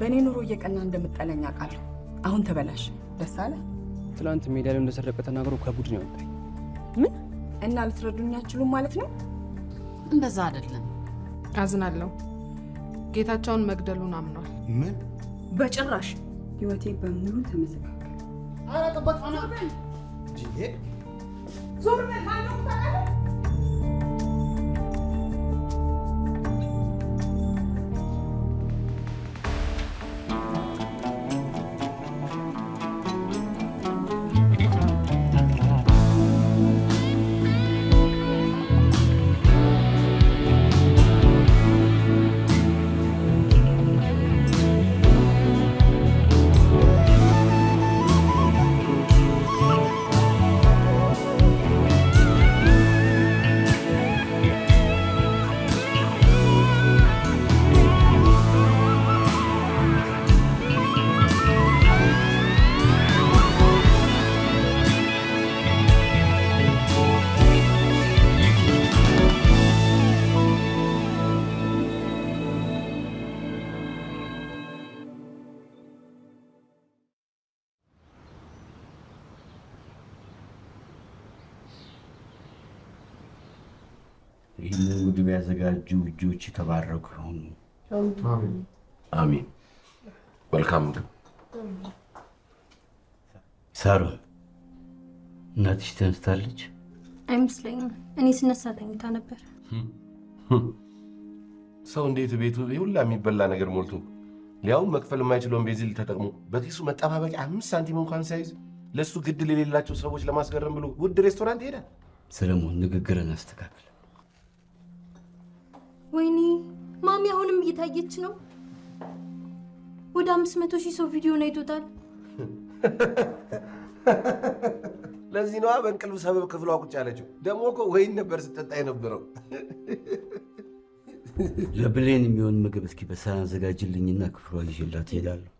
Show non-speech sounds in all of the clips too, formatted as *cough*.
በእኔ ኑሮ እየቀና እንደምጠለኝ አውቃለሁ። አሁን ተበላሽ። ደስ አለ። ትላንት ሜዳ ላይ እንደሰረቀ ተናግሮ ከቡድን ያወጣኝ ምን እና ልትረዱኝ አትችሉም ማለት ነው? እንደዛ አይደለም። አዝናለሁ። ጌታቸውን መግደሉን አምኗል። ምን? በጭራሽ ህይወቴ በሙሉ ተመሰቃቀለ። ኧረ ጥበቃ ነው። ዞር በል የተዘጋጁ እጆች የተባረኩ ይሆኑ። አሚን። መልካም ሳሮን፣ እናትሽ ተነስታለች አይመስለኝም። እኔ ስነሳ ተኝታ ነበር። ሰው እንዴት ቤቱ ሁላ የሚበላ ነገር ሞልቶ ሊያውም መክፈል የማይችለውን ቤዚል ተጠቅሞ በኪሱ መጠባበቂያ አምስት ሳንቲም እንኳን ሳይዝ ለእሱ ግድ የሌላቸው ሰዎች ለማስገረም ብሎ ውድ ሬስቶራንት ይሄዳል። ሰለሞን፣ ንግግርን አስተካክል። ወይኔ ማሚ አሁንም እየታየች ነው። ወደ አምስት መቶ ሺህ ሰው ቪዲዮን አይቶታል። *laughs* ለዚህ ነዋ በእንቅልፍ ሰበብ ክፍሏ ቁጭ ያለችው። ደግሞ እኮ ወይን ነበር ስጠጣ የነበረው። *laughs* ለብሌን የሚሆን ምግብ እስኪ በሳህን አዘጋጅልኝና ክፍሏ ይዤላት እሄዳለሁ።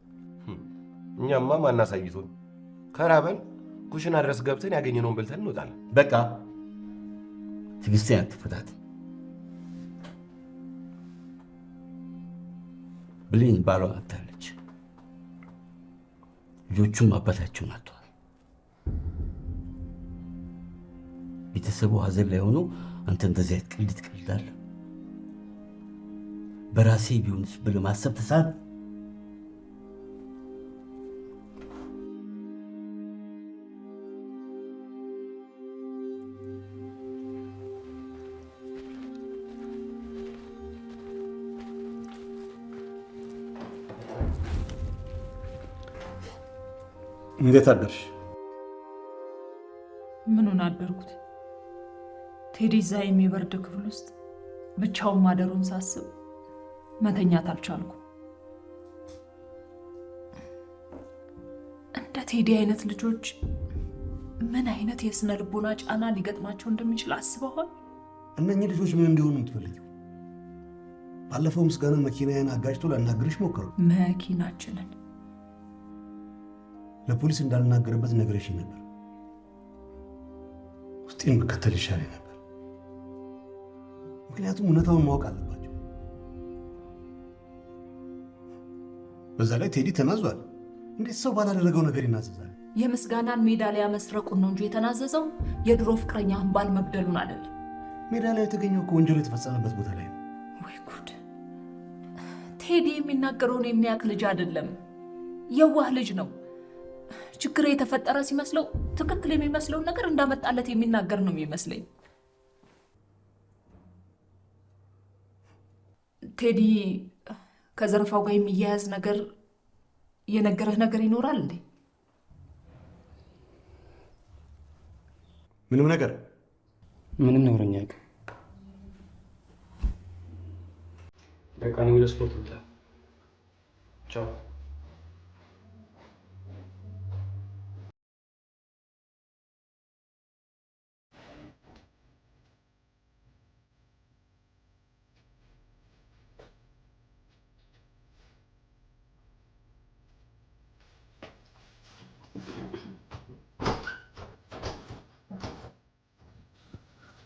hm፣ እኛማ ማን ከራበን ኩሽና ድረስ ገብተን ያገኘነውን በልተን እንወጣለን። በቃ ትግስቴን አትፈታት። ብሌን ባሏ አታለች። ልጆቹም አባታቸውን አጥተዋል። ቤተሰቡ ሀዘን ላይ ሆኖ አንተ እንደዚህ አይነት ቀልድ ትቀልዳለህ፣ በራሴ ቢሆንስ ብለህ ማሰብ ተሳት እንዴት አደርሽ? ምኑን አደርኩት? ቴዲ እዛ የሚበርድ ክፍል ውስጥ ብቻውን ማደሩን ሳስብ መተኛት አልቻልኩ። እንደ ቴዲ አይነት ልጆች ምን አይነት የስነ ልቦና ጫና ሊገጥማቸው እንደሚችል አስበዋል? እነኚህ ልጆች ምን እንዲሆኑ የምትፈልጊው? ባለፈው ምስጋና መኪናዬን አጋጭቶ ላናግርሽ ሞከሩ። መኪናችንን ለፖሊስ እንዳልናገርበት ነግረሽ ነበር። ውስጤን መከተል ይሻል ነበር። ምክንያቱም እውነታውን ማወቅ አለባቸው። በዛ ላይ ቴዲ ተናዟል። እንዴት ሰው ባላደረገው ነገር ይናዘዛል? የምስጋናን ሜዳሊያ መስረቁን ነው እንጂ የተናዘዘው የድሮ ፍቅረኛህን ባል መግደሉን አይደለም። ሜዳሊያ የተገኘው ከወንጀሉ የተፈጸመበት ቦታ ላይ ነው። ወይ ጉድ! ቴዲ የሚናገረውን የሚያውቅ ልጅ አይደለም፣ የዋህ ልጅ ነው። ችግር የተፈጠረ ሲመስለው ትክክል የሚመስለውን ነገር እንዳመጣለት የሚናገር ነው የሚመስለኝ። ቴዲ ከዘረፋው ጋር የሚያያዝ ነገር የነገረህ ነገር ይኖራል እንዴ? ምንም ነገር ምንም ነግሮኛ። በቃ ነው። ለስፖርት ስፖርት ቻው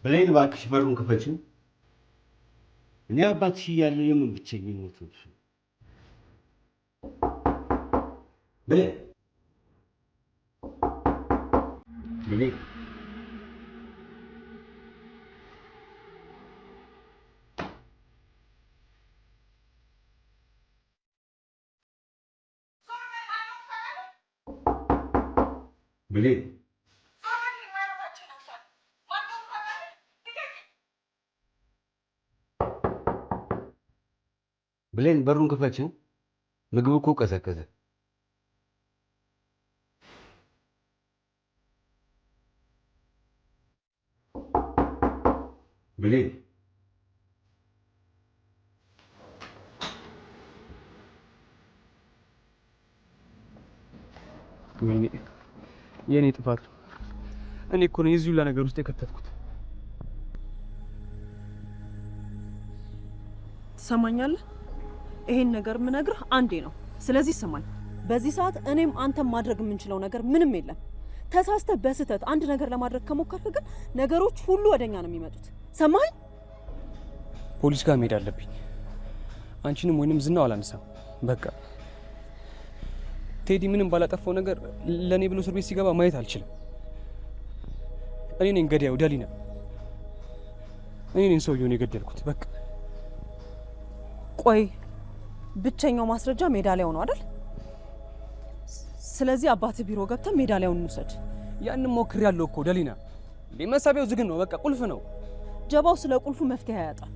በሌል በሩን ክፈችን። እኔ አባትሽ እያለሁ የምን ብቸኝነት ነው? ብሌን ብሌን በሩን ክፈችን። ምግብ እኮ ቀዘቀዘ። ብሌን የእኔ ጥፋት እኔ እኮ ነው የዚህ ሁላ ነገር ውስጥ የከተትኩት። ትሰማኛለህ? ይሄን ነገር የምነግርህ አንዴ ነው። ስለዚህ ስማኝ፣ በዚህ ሰዓት እኔም አንተም ማድረግ የምንችለው ነገር ምንም የለም። ተሳስተህ በስህተት አንድ ነገር ለማድረግ ከሞከርክ ግን ነገሮች ሁሉ ወደኛ ነው የሚመጡት። ሰማኝ። ፖሊስ ጋር መሄድ አለብኝ። አንቺንም ወይንም ዝናው አላነሳም። በቃ ቴዲ ምንም ባላጠፋው ነገር ለእኔ ብሎ እስር ቤት ሲገባ ማየት አልችልም። እኔ ነኝ ገዳዩ ዳሊና። እኔ ነኝ ሰውየውን የገደልኩት። በቃ ቆይ ብቸኛው ማስረጃ ሜዳሊያው ነው አይደል? ስለዚህ አባት ቢሮ ገብተን ሜዳሊያውን እንውሰድ። ያንን ሞክር ያለው እኮ ደሊና፣ መሳቢያው ዝግን ነው፣ በቃ ቁልፍ ነው። ጀባው ስለ ቁልፉ መፍትሄ አያጣም።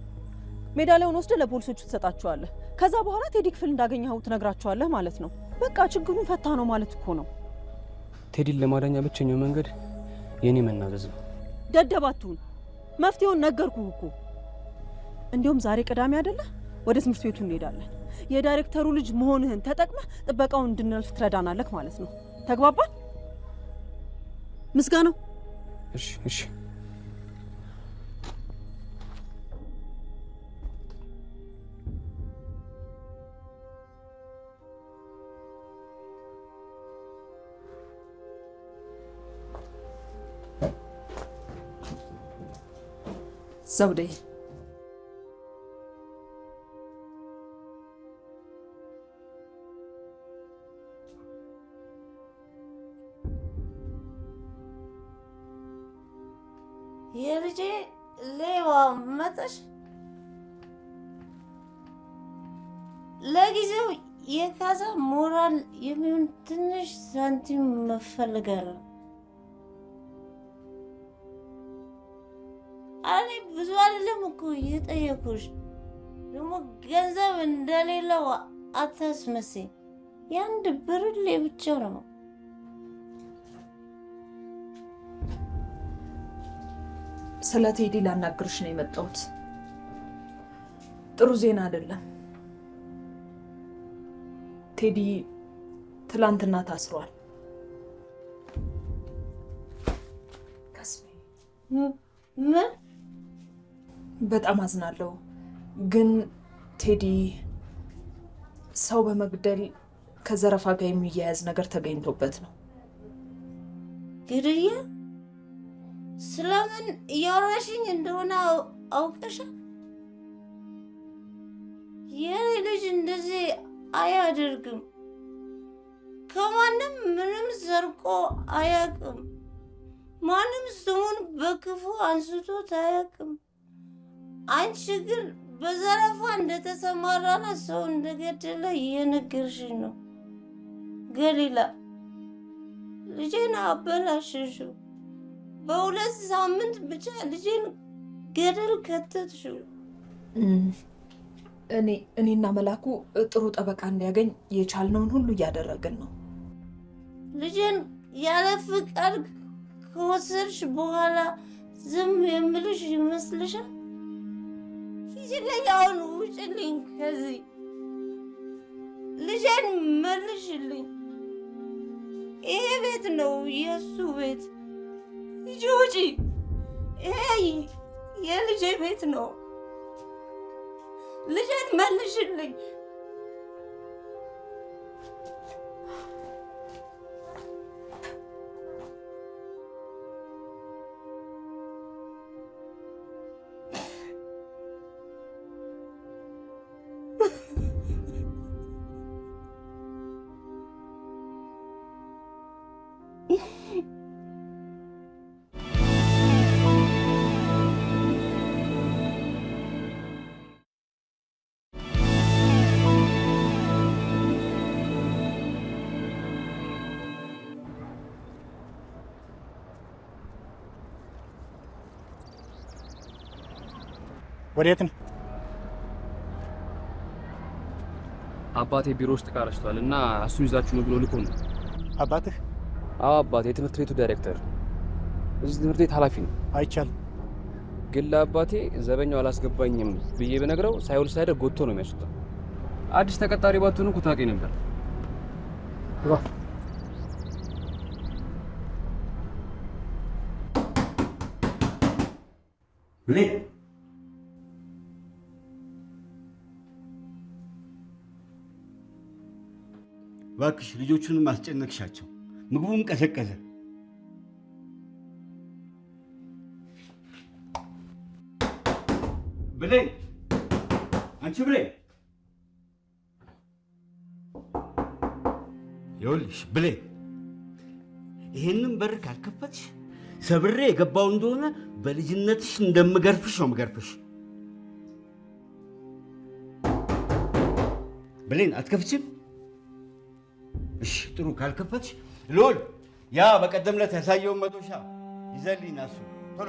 ሜዳሊያውን ወስደ ለፖሊሶቹ ትሰጣቸዋለህ። ከዛ በኋላ ቴዲ ክፍል እንዳገኘኸው ትነግራቸዋለህ ማለት ነው። በቃ ችግሩን ፈታ ነው ማለት እኮ ነው። ቴዲን ለማዳኛ ብቸኛው መንገድ የኔ መናዘዝ ነው። ደደባትሁን፣ መፍትሄውን ነገርኩህ እኮ። እንዲሁም ዛሬ ቅዳሜ አይደለ? ወደ ትምህርት ቤቱ እንሄዳለን። የዳይሬክተሩ ልጅ መሆንህን ተጠቅመህ ጥበቃውን እንድናልፍ ትረዳናለህ ማለት ነው። ተግባባን? ምስጋናው እሺ፣ እሺ። ዘውዴ ለጊዜው የካዛ ሞራል የሚሆን ትንሽ ሳንቲም መፈልጋለሁ። እኔ ብዙ አይደለም እኮ እየጠየኩሽ። ደግሞ ገንዘብ እንደሌለው አታስመሴ የአንድ ብርሌ ብቻ ነው። ስለ ቴዲ ላናግርሽ ነው የመጣሁት። ጥሩ ዜና አይደለም። ቴዲ ትላንትና ታስሯል። ምን? በጣም አዝናለሁ፣ ግን ቴዲ ሰው በመግደል ከዘረፋ ጋር የሚያያዝ ነገር ተገኝቶበት ነው። ግድያ? ስለምን እያወራሽኝ እንደሆነ አውቀሻል? የኔ ልጅ እንደዚህ አያደርግም። ከማንም ምንም ዘርቆ አያቅም። ማንም ስሙን በክፉ አንስቶት አያቅም። አንቺ ግን በዘረፋ እንደተሰማራና ሰው እንደገደለ እየነገርሽ ነው። ገሊላ ልጄን አበላሽሽው። በሁለት ሳምንት ብቻ ልጄን ገደል ከተትሽው። እኔ እኔና መላኩ ጥሩ ጠበቃ እንዲያገኝ የቻልነውን ሁሉ እያደረግን ነው። ልጄን ያለ ፍቃድ ከወሰድሽ በኋላ ዝም የምልሽ ይመስልሻል? ሂጂልኝ፣ አሁን ውጭልኝ፣ ከዚህ ልጄን መልሽልኝ። ይሄ ቤት ነው የእሱ ቤት። ሂጂ ውጪ፣ ይሄ የልጄ ቤት ነው። ልጄን መልሽልኝ ወዴት ነው? አባቴ ቢሮ ውስጥ ቃረሽቷል እና እሱን ይዛችሁ ነው ብሎ ልኮ ነው። አባትህ? አዎ አባቴ የትምህርት ቤቱ ዳይሬክተር፣ እዚህ ትምህርት ቤት ኃላፊ ነው። አይቻልም። ግን ለአባቴ ዘበኛው አላስገባኝም ብዬ ብነግረው ሳይውል ሳይደር ጎቶ ነው የሚያስወጣው። አዲስ ተቀጣሪ ባትሆን እኮ ታውቂ ነበር። ምን እባክሽ ልጆቹንም አስጨነቅሻቸው። ምግቡም ቀዘቀዘ። ብለይ አንቺ ብለይ ይኸውልሽ ብለይ ይሄንን በር ካልከፈትሽ ሰብሬ የገባው እንደሆነ በልጅነትሽ እንደምገርፍሽ ነው የምገርፍሽ። ብሌን አትከፍችም። እሺ ጥሩ ካልከፈትሽ ሉል ያ በቀደም ዕለት ያሳየውን መዶሻ ይዘልኝ ናሱ ቶሎ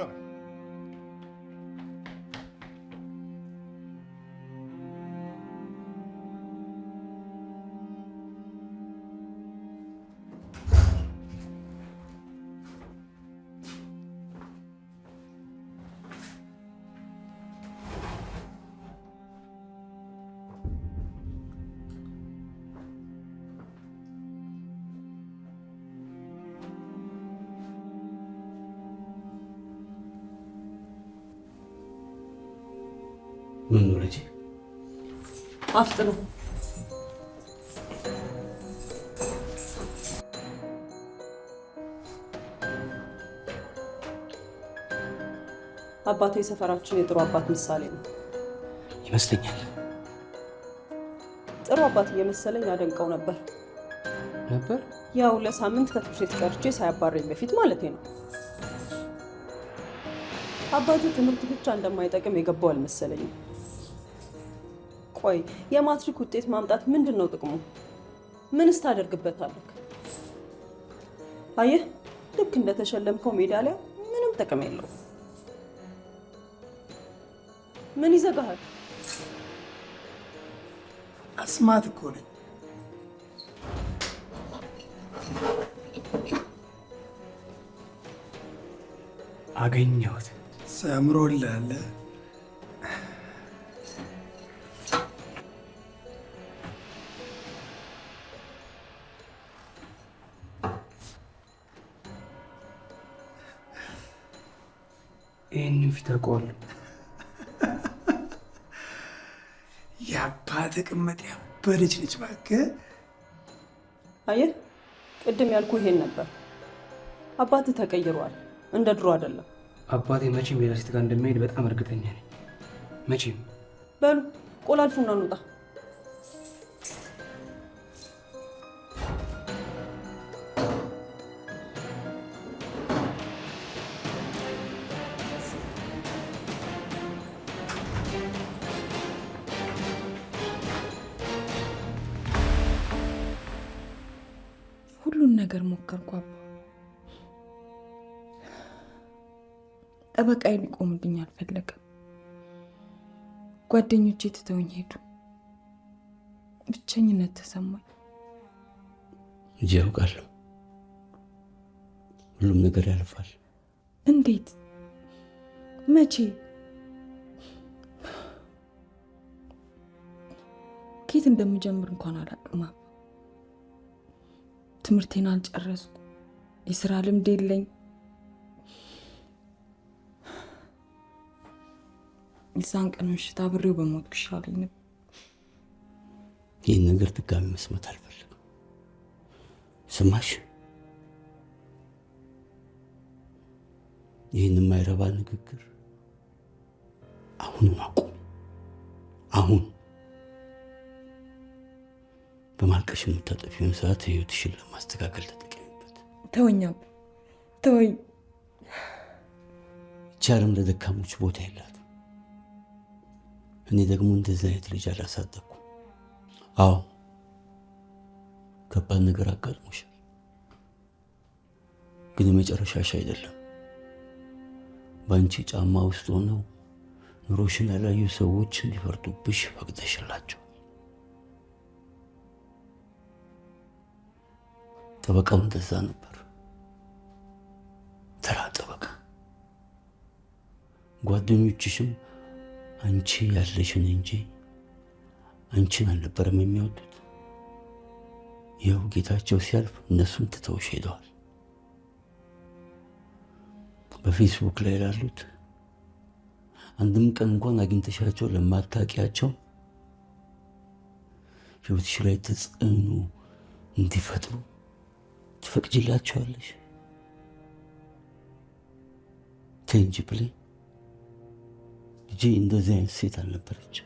ምን ነው ልጅ አፍጥኑ። አባቴ የሰፈራችን የጥሩ አባት ምሳሌ ነው ይመስለኛል። ጥሩ አባት እየመሰለኝ አደንቀው ነበር ነበር ያው ለሳምንት ከትምህርት ቤት ቀርቼ ሳያባረኝ በፊት ማለቴ ነው። አባቱ ትምህርት ብቻ እንደማይጠቅም የገባው አልመሰለኝም። ቆይ የማትሪክ ውጤት ማምጣት ምንድን ነው ጥቅሙ? ምንስ ታደርግበታለህ? አየህ፣ ልክ እንደተሸለምከው ሜዳሊያ ምንም ጥቅም የለውም። ምን ይዘጋሃል? አስማት እኮ ነኝ። አገኘሁት። ሰምሮልሃል። ወድቋል። የአባትህ ቅምጥ ያበደች ልጅ ባገ አየህ፣ ቅድም ያልኩ ይሄን ነበር። አባት ተቀይሯል፣ እንደ ድሮ አይደለም። አባቴ መቼም ሌላ ሴት ጋር እንደሚሄድ በጣም እርግጠኛ ነኝ። መቼም። በሉ ቆላልፉና እንውጣ። ነገር ሞከርኩ አባ። ጠበቃዬ ሊቆምልኝ አልፈለገም። ጓደኞቼ ትተውኝ ሄዱ። ብቸኝነት ተሰማኝ። እንጂ ያውቃለሁ፣ ሁሉም ነገር ያልፋል። እንዴት? መቼ? ኬት እንደምጀምር እንኳን አላቅማ! ትምህርቴን አልጨረስኩ፣ የስራ ልምድ የለኝ። የዛን ቀን ምሽት አብሬው በሞትኩ ይሻለኝ ነበር። ይህን ነገር ድጋሚ መስማት አልፈልግም። ስማሽ? ይህን የማይረባ ንግግር አሁን አቁም። አሁን አልቅሽ የምታጠፊውን ሰዓት ህይወትሽን ለማስተካከል ተጠቀሚበት። ተወኝ ተወኝ። ቻርም ለደካሞች ቦታ የላት። እኔ ደግሞ እንደዚህ አይነት ልጅ አላሳደግኩ። አዎ ከባድ ነገር አጋጥሞሻል፣ ግን የመጨረሻሽ አይደለም። በአንቺ ጫማ ውስጥ ሆነው ኑሮሽን ያላዩ ሰዎች እንዲፈርዱብሽ ፈቅደሽላቸው ጠበቃው እንደዛ ነበር። ተራ ጠበቃ። ጓደኞችሽም አንቺ ያለሽን እንጂ አንቺን አልነበረም የሚወዱት። ይኸው ጌታቸው ሲያልፍ እነሱን ትተውሽ ሄደዋል። በፌስቡክ ላይ ላሉት አንድም ቀን እንኳን አግኝተሻቸው ለማታቂያቸው ሕይወትሽ ላይ ተጽዕኖ እንዲፈጥሩ ትፈቅጅላቸዋለሽ ቴንጅ ብሌ፣ ልጄ እንደዚህ አይነት ሴት አልነበረች።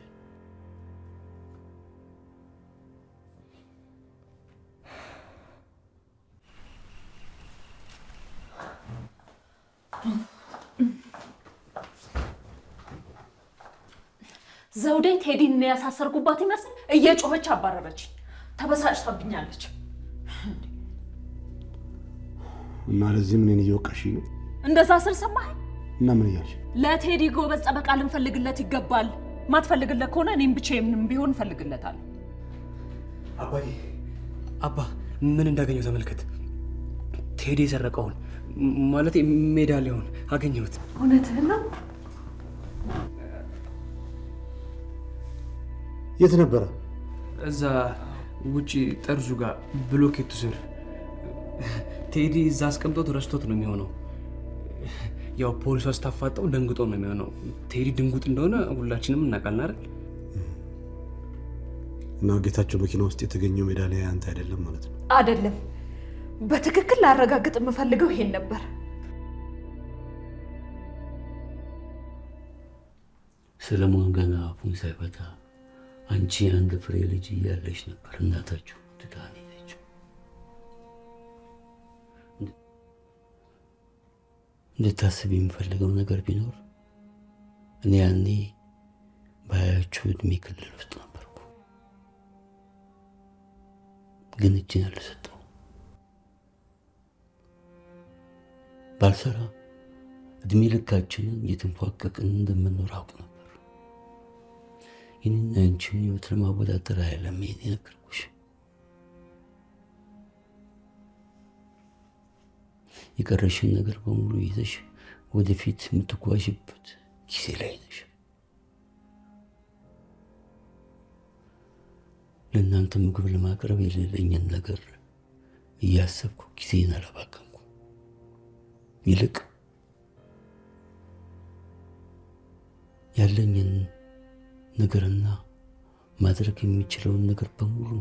ዘውዴ ቴዲን ያሳሰርኩባት ይመስል እየጮኸች አባረረች። ተበሳጭታብኛለች። እና ለዚህም እኔን እየወቀሽ ነው። እንደዛ ስል ሰማህ እና ምን እያልሽ? ለቴዲ ጎበዝ ጠበቃ ልንፈልግለት ይገባል። ማትፈልግለት ከሆነ እኔም ብቻዬንም ቢሆን እፈልግለታለሁ። አባዬ አባ ምን እንዳገኘው ተመልከት። ቴዲ የሰረቀውን ማለት ሜዳሊያውን አገኘሁት። እውነትህን ነው? የት ነበረ? እዛ ውጪ ጠርዙ ጋር ብሎኬቱ ስር ቴዲ እዛ አስቀምጦት ረስቶት ነው የሚሆነው። ያው ፖሊሷ አስታፋጠው ደንግጦ ነው የሚሆነው። ቴዲ ድንጉጥ እንደሆነ ሁላችንም እናውቃለን አይደል? እና ጌታቸው መኪና ውስጥ የተገኘው ሜዳሊያ አንተ አይደለም ማለት ነው? አይደለም። በትክክል ላረጋግጥ የምፈልገው ይሄን ነበር። ሰለሞን ገና አፉን ሳይፈታ አንቺ አንድ ፍሬ ልጅ እያለች ነበር እናታችሁ ትዳኔ እንድታስብ የምፈልገው ነገር ቢኖር እኔ ያኔ በሀያዎቹ እድሜ ክልል ውስጥ ነበርኩ፣ ግን እጅን ያልሰጠው ባልሰራ እድሜ ልካችንን እየተንፏቀቅን እንደምንኖር አውቅ ነበር። ይህንን አንቺን ህይወት ለማወዳደር አይለም ይሄን ነገር የቀረሽን ነገር በሙሉ ይዘሽ ወደፊት የምትጓዥበት ጊዜ ላይ ነሽ። ለእናንተ ምግብ ለማቅረብ የሌለኝን ነገር እያሰብኩ ጊዜን አላባከንኩ። ይልቅ ያለኝን ነገርና ማድረግ የሚችለውን ነገር በሙሉ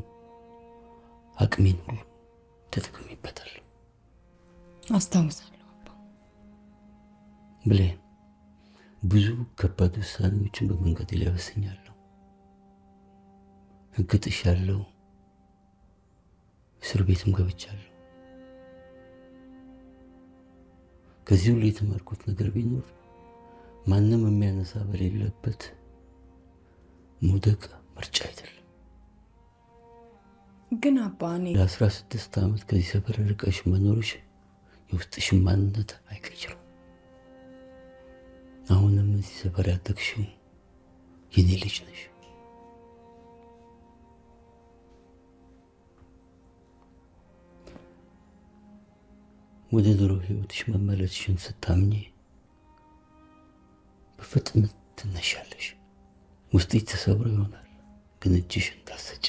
አቅሜን ሁሉ ተጠቅሜበታል። አስታውሳለሁ አባ ብሌን፣ ብዙ ከባድ ውሳኔዎችን በመንገድ ላይ ወስኛለሁ። እግጥሻለሁ፣ እስር ቤትም ገብቻለሁ። ከዚህ ሁሉ የተማርኩት ነገር ቢኖር ማንም የሚያነሳ በሌለበት መውደቅ ምርጫ አይደለም። ግን አባ እኔ ለአስራ ስድስት ዓመት ከዚህ ሰፈር ርቀሽ መኖርሽ የውስጥሽን ማንነት አይቀይሩም። አሁንም እዚህ ሰፈር ያደግሽው የኔ ልጅ ነሽ። ወደ ድሮ ህይወትሽ መመለስሽን ስታምኚ በፍጥነት ትነሻለሽ። ውስጥሽ ተሰብሮ ይሆናል፣ ግን እጅሽ ታሰጭ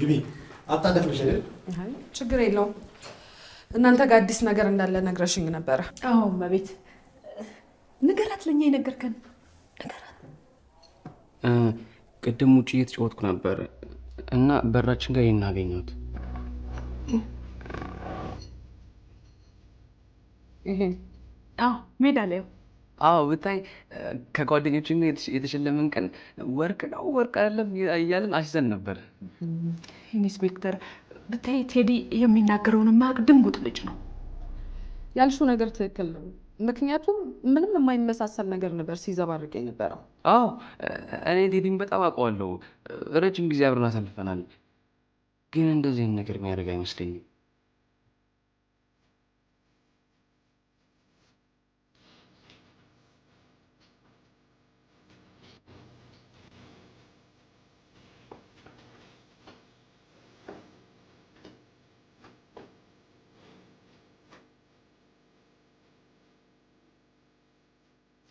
ግቢ አጣደፍነሽ አይደል? ችግር የለውም። እናንተ ጋር አዲስ ነገር እንዳለ ነግረሽኝ ነበረ። አዎ እመቤት፣ ንገራት፣ ለኛ የነገርከን ንገራት። ቅድም ውጭ እየተጫወትኩ ነበር እና በራችን ጋር ይናገኘት ይሄ ሜዳ ላይ አዎ ብታይ ከጓደኞች የተሸለመን ቀን ወርቅ ነው ወርቅ አይደለም እያልን አሽዘን ነበር። ኢንስፔክተር ብታይ ቴዲ ማቅ ድንጉጥ ልጅ ነው። ያልሽው ነገር ትክክል ነው። ምክንያቱም ምንም የማይመሳሰል ነገር ነበር ሲዘባርቅ የነበረው። አዎ እኔ ቴዲን በጣም አውቀዋለሁ። ረጅም ጊዜ አብረን አሳልፈናል። ግን እንደዚህ ነገር የሚያደርግ አይመስለኝም።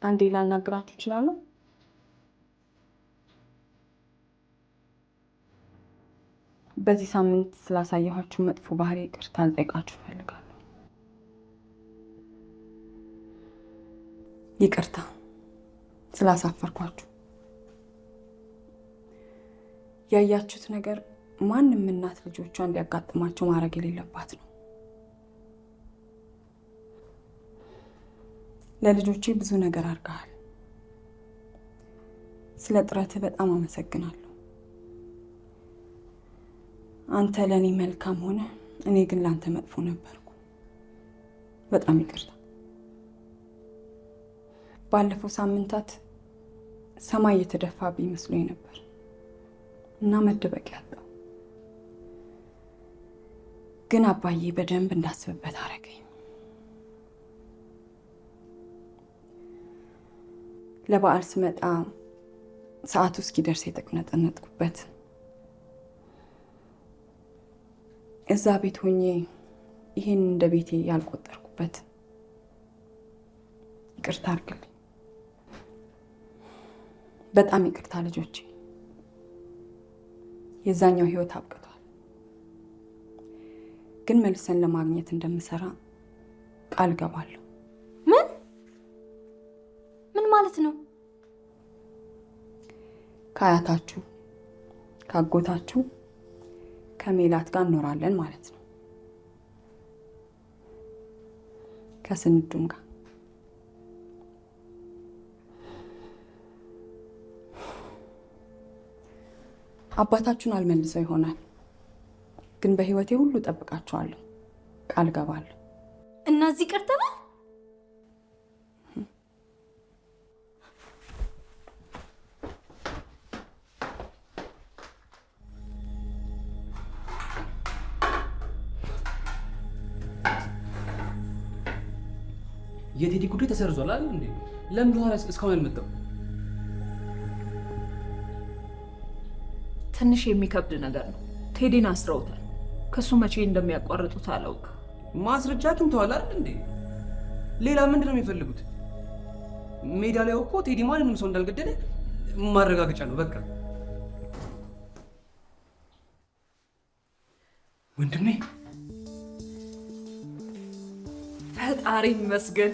አንዴ ላናግራችሁ እችላለሁ? በዚህ ሳምንት ስላሳየኋችሁ መጥፎ ባህሪ ይቅርታ ልጠይቃችሁ እፈልጋለሁ። ይቅርታ ስላሳፈርኳችሁ። ያያችሁት ነገር ማንም እናት ልጆቿ እንዲያጋጥማቸው ማድረግ የሌለባት ነው። ለልጆቼ ብዙ ነገር አድርገሃል። ስለ ጥረትህ በጣም አመሰግናለሁ። አንተ ለእኔ መልካም ሆነ፣ እኔ ግን ለአንተ መጥፎ ነበርኩ። በጣም ይቅርታ። ባለፈው ሳምንታት ሰማይ የተደፋብኝ መስሎኝ ነበር እና መደበቅ ያለው ግን አባዬ በደንብ እንዳስብበት አደረገኝ። ለበዓል ስመጣ ሰዓቱ እስኪደርስ የተቁነጠነጥኩበት እዛ ቤት ሆኜ ይሄን እንደ ቤቴ ያልቆጠርኩበት ይቅርታ አድርግልኝ። በጣም ይቅርታ ልጆቼ። የዛኛው ህይወት አብቅቷል፣ ግን መልሰን ለማግኘት እንደምሰራ ቃል ገባለሁ። ማለት ነው? ከአያታችሁ ካጎታችሁ ከሜላት ጋር እንኖራለን ማለት ነው። ከስንዱም ጋር አባታችሁን አልመልሰው ይሆናል፣ ግን በህይወቴ ሁሉ ጠብቃቸዋለሁ ቃል ገባለሁ። እና እዚህ ቀርተናል። የቴዲ ጉዳይ ተሰርዟል አይደል እንዴ? ለምን ኋላ እስካሁን አልመጣም? ትንሽ የሚከብድ ነገር ነው። ቴዲን አስረውታል። ከእሱ መቼ እንደሚያቋርጡት አላውቅ። ማስረጃ አግኝተዋል አይደል እንዴ? ሌላ ምንድን ነው የሚፈልጉት? ሜዳ ላይ እኮ ቴዲ ማንንም ሰው እንዳልገደለ ማረጋገጫ ነው በቃ። ወንድሜ ፈጣሪ ይመስገን።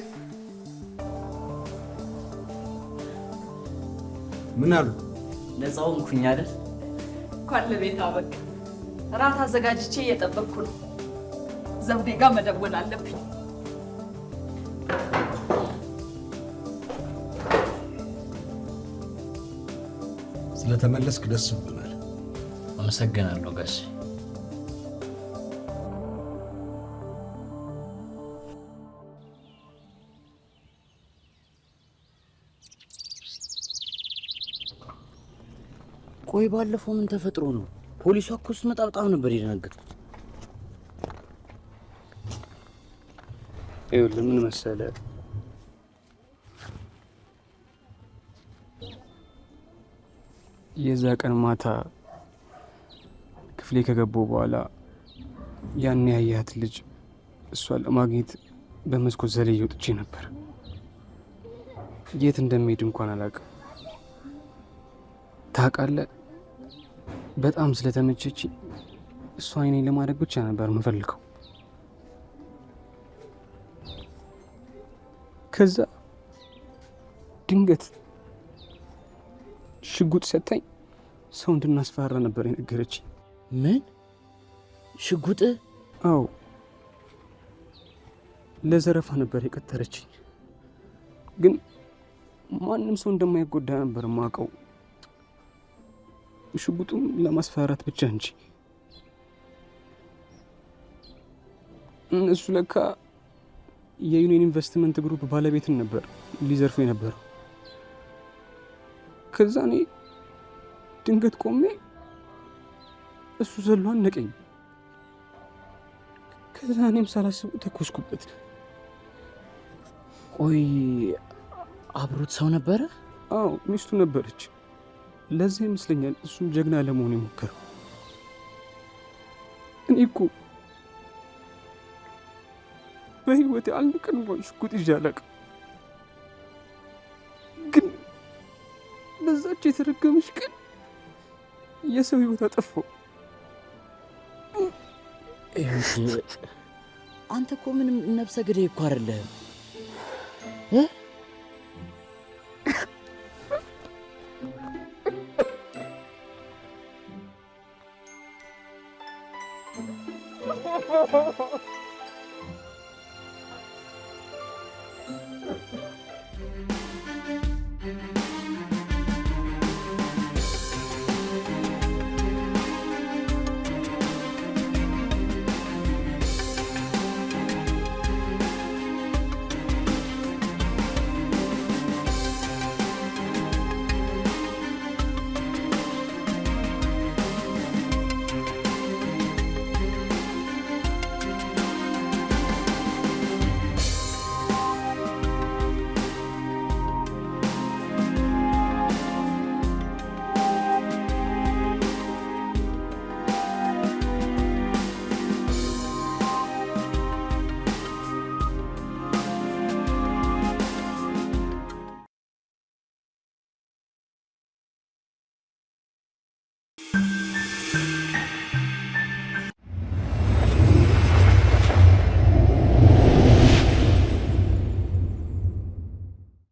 ምን አሉ? ነፃው እንኩኝ አይደል? እንኳን ለቤት አበቅ። እራት አዘጋጅቼ እየጠበቅኩ ነው። ዘውዴ ጋር መደወል አለብኝ። ስለተመለስክ ደስ ብሎናል። አመሰግናለሁ ጋሼ። ቆይ ባለፈው ምን ተፈጥሮ ነው? ፖሊሷ እኮ ስትመጣ በጣም ነበር የደነገጥኩት። ይኸውልህ ለምን መሰለ የዛ ቀን ማታ ክፍሌ ከገባሁ በኋላ ያን ያያት ልጅ እሷን ለማግኘት በመስኮት ዘለ ወጥቼ ነበር። የት እንደሚሄድ እንኳን አላውቅም። ታውቃለህ በጣም ስለተመቸች እሷ አይኔ ለማድረግ ብቻ ነበር የምፈልገው። ከዛ ድንገት ሽጉጥ ሰታኝ ሰው እንድናስፈራ ነበር የነገረች። ምን ሽጉጥ? አዎ ለዘረፋ ነበር የቀጠረችኝ። ግን ማንም ሰው እንደማይጎዳ ነበር የማውቀው? ሽጉጡም ለማስፈራራት ብቻ እንጂ እሱ ለካ የዩኒየን ኢንቨስትመንት ግሩፕ ባለቤትን ነበር ሊዘርፉ የነበረው። ከዛ እኔ ድንገት ቆሜ እሱ ዘሎ አነቀኝ። ከዛ እኔም ሳላስበው ተኮስኩበት። ቆይ አብሮት ሰው ነበረ? አዎ ሚስቱ ነበረች። ለዚህ ይመስለኛል እሱም ጀግና ለመሆን የሞከረው። እኔ እኮ በህይወቴ አንድ ቀን እንኳን ሽጉጥ ይዤ አላውቅም። ግን በዛች የተረገመች ቀን የሰው ህይወት አጠፋው። አንተ እኮ ምንም ነብሰ ገዳይ እኮ አይደለህም።